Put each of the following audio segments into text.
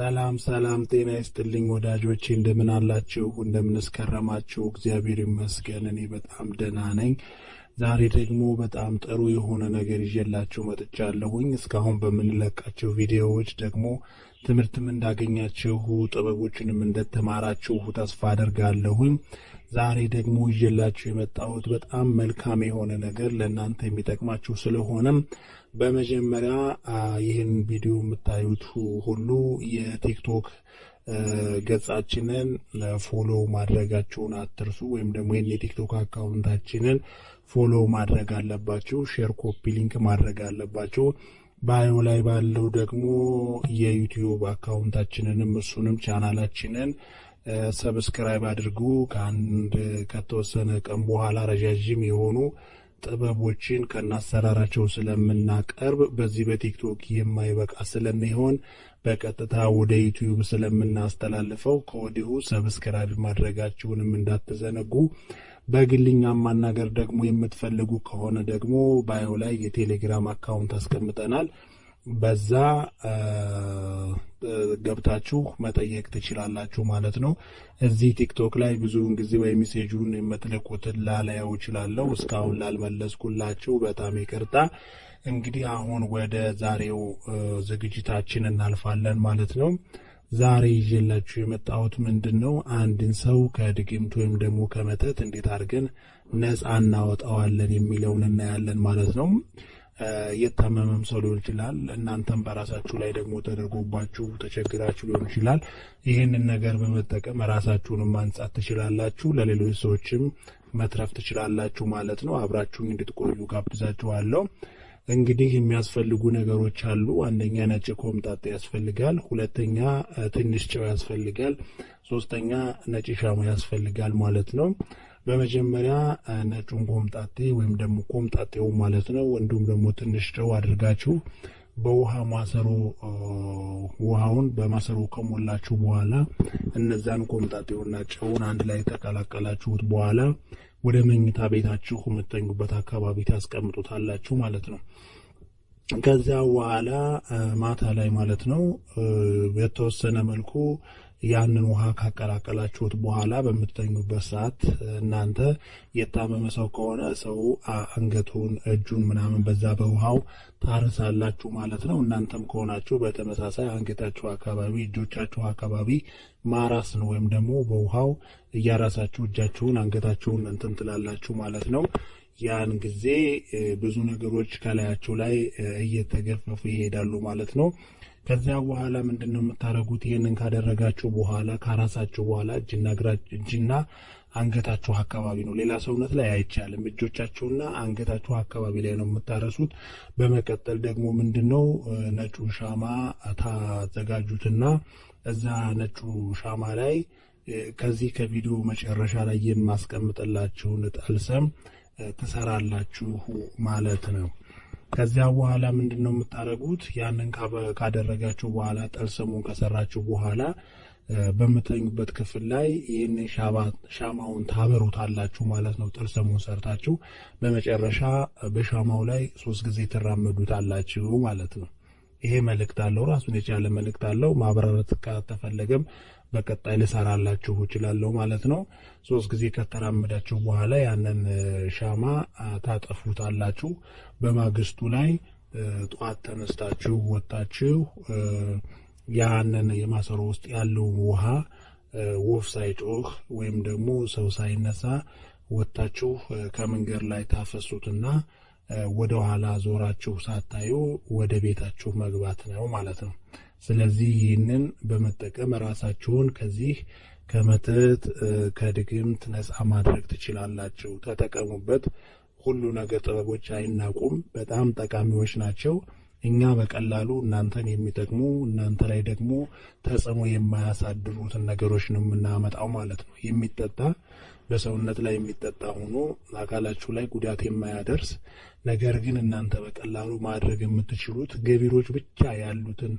ሰላም ሰላም፣ ጤና ይስጥልኝ ወዳጆቼ፣ እንደምን አላችሁ? እንደምንስከረማችሁ? እግዚአብሔር ይመስገን እኔ በጣም ደህና ነኝ። ዛሬ ደግሞ በጣም ጥሩ የሆነ ነገር ይዤላችሁ መጥቻለሁኝ። እስካሁን በምንለቃቸው ቪዲዮዎች ደግሞ ትምህርትም እንዳገኛችሁ ጥበቦችንም እንደተማራችሁ ተስፋ አደርጋለሁኝ። ዛሬ ደግሞ ይዤላችሁ የመጣሁት በጣም መልካም የሆነ ነገር ለእናንተ የሚጠቅማችሁ ስለሆነም በመጀመሪያ ይህን ቪዲዮ የምታዩት ሁሉ የቲክቶክ ገጻችንን ፎሎ ማድረጋችሁን አትርሱ። ወይም ደግሞ ይህን የቲክቶክ አካውንታችንን ፎሎ ማድረግ አለባችሁ። ሼር፣ ኮፒ ሊንክ ማድረግ አለባችሁ። ባዮ ላይ ባለው ደግሞ የዩቲዩብ አካውንታችንንም እሱንም ቻናላችንን ሰብስክራይብ አድርጉ። ከአንድ ከተወሰነ ቀን በኋላ ረዣዥም የሆኑ ጥበቦችን ከናሰራራቸው ስለምናቀርብ በዚህ በቲክቶክ የማይበቃ ስለሚሆን በቀጥታ ወደ ዩቲዩብ ስለምናስተላልፈው ከወዲሁ ሰብስክራይብ ማድረጋችሁንም እንዳትዘነጉ። በግልኛ ማናገር ደግሞ የምትፈልጉ ከሆነ ደግሞ ባዮ ላይ የቴሌግራም አካውንት አስቀምጠናል። በዛ ገብታችሁ መጠየቅ ትችላላችሁ ማለት ነው። እዚህ ቲክቶክ ላይ ብዙውን ጊዜ ወይ ሚሴጁን የምትልኩትን ላላየው እችላለሁ። እስካሁን ላልመለስኩላችሁ በጣም ይቅርታ። እንግዲህ አሁን ወደ ዛሬው ዝግጅታችን እናልፋለን ማለት ነው። ዛሬ ይዤላችሁ የመጣሁት ምንድን ነው? አንድን ሰው ከድግምት ወይም ደግሞ ከመተት እንዴት አድርገን ነፃ እናወጣዋለን የሚለውን እናያለን ማለት ነው። የታመመም ሰው ሊሆን ይችላል። እናንተም በራሳችሁ ላይ ደግሞ ተደርጎባችሁ ተቸግራችሁ ሊሆን ይችላል። ይህንን ነገር በመጠቀም ራሳችሁንም ማንጻት ትችላላችሁ፣ ለሌሎች ሰዎችም መትረፍ ትችላላችሁ ማለት ነው። አብራችሁን እንድትቆዩ ጋብዛችኋለሁ። እንግዲህ የሚያስፈልጉ ነገሮች አሉ። አንደኛ ነጭ ኮምጣጤ ያስፈልጋል። ሁለተኛ ትንሽ ጨው ያስፈልጋል። ሶስተኛ ነጭ ሻሙ ያስፈልጋል ማለት ነው። በመጀመሪያ ነጩን ኮምጣጤ ወይም ደግሞ ኮምጣጤው ማለት ነው። እንዲሁም ደግሞ ትንሽ ጨው አድርጋችሁ በውሃ ማሰሮ ውሃውን በማሰሮ ከሞላችሁ በኋላ እነዛን ቆምጣጤውና ጨውን አንድ ላይ ተቀላቀላችሁት በኋላ ወደ መኝታ ቤታችሁ የምተኙበት አካባቢ ታስቀምጡታላችሁ ማለት ነው። ከዚያ በኋላ ማታ ላይ ማለት ነው የተወሰነ መልኩ ያንን ውሃ ካቀላቀላችሁት በኋላ በምትተኙበት ሰዓት እናንተ የታመመ ሰው ከሆነ ሰው አንገቱን፣ እጁን ምናምን በዛ በውሃው ታርሳላችሁ ማለት ነው። እናንተም ከሆናችሁ በተመሳሳይ አንገታችሁ አካባቢ፣ እጆቻችሁ አካባቢ ማራስ ነው ወይም ደግሞ በውሃው እያራሳችሁ እጃችሁን አንገታችሁን እንትን ትላላችሁ ማለት ነው። ያን ጊዜ ብዙ ነገሮች ከላያቸው ላይ እየተገፈፉ ይሄዳሉ ማለት ነው። ከዚያ በኋላ ምንድን ነው የምታደርጉት? ይህንን ካደረጋችሁ በኋላ ካራሳችሁ በኋላ እጅና አንገታችሁ አካባቢ ነው፣ ሌላ ሰውነት ላይ አይቻልም። እጆቻችሁና አንገታችሁ አካባቢ ላይ ነው የምታረሱት። በመቀጠል ደግሞ ምንድን ነው ነጩ ሻማ ታዘጋጁትና እዛ ነጩ ሻማ ላይ ከዚህ ከቪዲዮ መጨረሻ ላይ የማስቀምጥላችሁን ጠልሰም ትሰራላችሁ ማለት ነው። ከዚያ በኋላ ምንድን ነው የምታደርጉት? ያንን ካደረጋችሁ በኋላ ጠልሰሙን ከሰራችሁ በኋላ በምተኙበት ክፍል ላይ ይህን ሻማውን ታበሩታላችሁ ማለት ነው። ጥልሰሙን ሰርታችሁ በመጨረሻ በሻማው ላይ ሶስት ጊዜ ትራመዱታላችሁ ማለት ነው። ይሄ መልእክት አለው፣ ራሱን የቻለ መልእክት አለው። ማብራራት ከተፈለገም በቀጣይ ልሰራላችሁ እችላለሁ ማለት ነው። ሶስት ጊዜ ከተራመዳችሁ በኋላ ያንን ሻማ ታጠፉታላችሁ። በማግስቱ ላይ ጠዋት ተነስታችሁ ወጣችሁ ያንን የማሰሮ ውስጥ ያለውን ውሃ ወፍ ሳይጮህ ወይም ደግሞ ሰው ሳይነሳ ወጣችሁ ከመንገድ ላይ ታፈሱትና ወደኋላ ዞራችሁ ሳታዩ ወደ ቤታችሁ መግባት ነው ማለት ነው። ስለዚህ ይህንን በመጠቀም ራሳችሁን ከዚህ ከመተት ከድግምት ነፃ ማድረግ ትችላላችሁ። ተጠቀሙበት። ሁሉ ነገር ጥበቦች አይናቁም፣ በጣም ጠቃሚዎች ናቸው። እኛ በቀላሉ እናንተን የሚጠቅሙ እናንተ ላይ ደግሞ ተጽዕኖ የማያሳድሩትን ነገሮች ነው የምናመጣው ማለት ነው። የሚጠጣ በሰውነት ላይ የሚጠጣ ሆኖ አካላችሁ ላይ ጉዳት የማያደርስ ነገር ግን እናንተ በቀላሉ ማድረግ የምትችሉት ገቢሮች ብቻ ያሉትን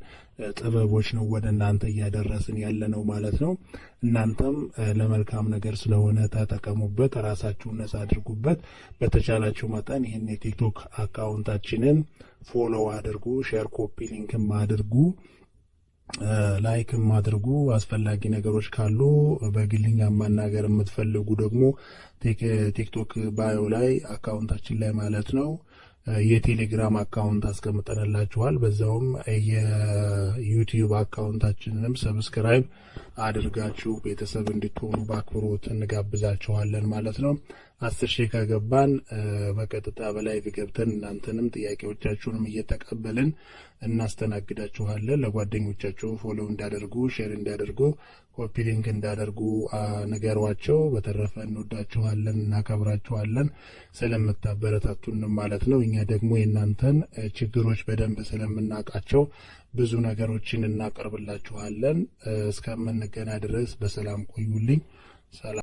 ጥበቦች ነው ወደ እናንተ እያደረስን ያለ ነው ማለት ነው። እናንተም ለመልካም ነገር ስለሆነ ተጠቀሙበት፣ ራሳችሁን ነጻ አድርጉበት። በተቻላችሁ መጠን ይህን የቲክቶክ አካውንታችንን ፎሎው አድርጉ፣ ሼር ኮፒ ሊንክም አድርጉ። ላይክም አድርጉ። አስፈላጊ ነገሮች ካሉ በግልኛ ማናገር የምትፈልጉ ደግሞ ቲክቶክ ባዮ ላይ አካውንታችን ላይ ማለት ነው የቴሌግራም አካውንት አስቀምጠንላችኋል። በዛውም የዩቲዩብ አካውንታችንንም ሰብስክራይብ አድርጋችሁ ቤተሰብ እንድትሆኑ በአክብሮት እንጋብዛችኋለን ማለት ነው። አስር ሺህ ከገባን በቀጥታ በላይቭ ገብተን እናንተንም ጥያቄዎቻችሁንም እየተቀበልን እናስተናግዳችኋለን። ለጓደኞቻችሁ ፎሎ እንዳደርጉ፣ ሼር እንዳደርጉ፣ ኮፒ ሊንክ እንዳደርጉ ነገሯቸው። በተረፈ እንወዳችኋለን፣ እናከብራችኋለን ስለምታበረታቱንም ማለት ነው። እኛ ደግሞ የእናንተን ችግሮች በደንብ ስለምናውቃቸው ብዙ ነገሮችን እናቀርብላችኋለን እስከምን ቀና ድረስ በሰላም ቆዩልኝ። ሰላም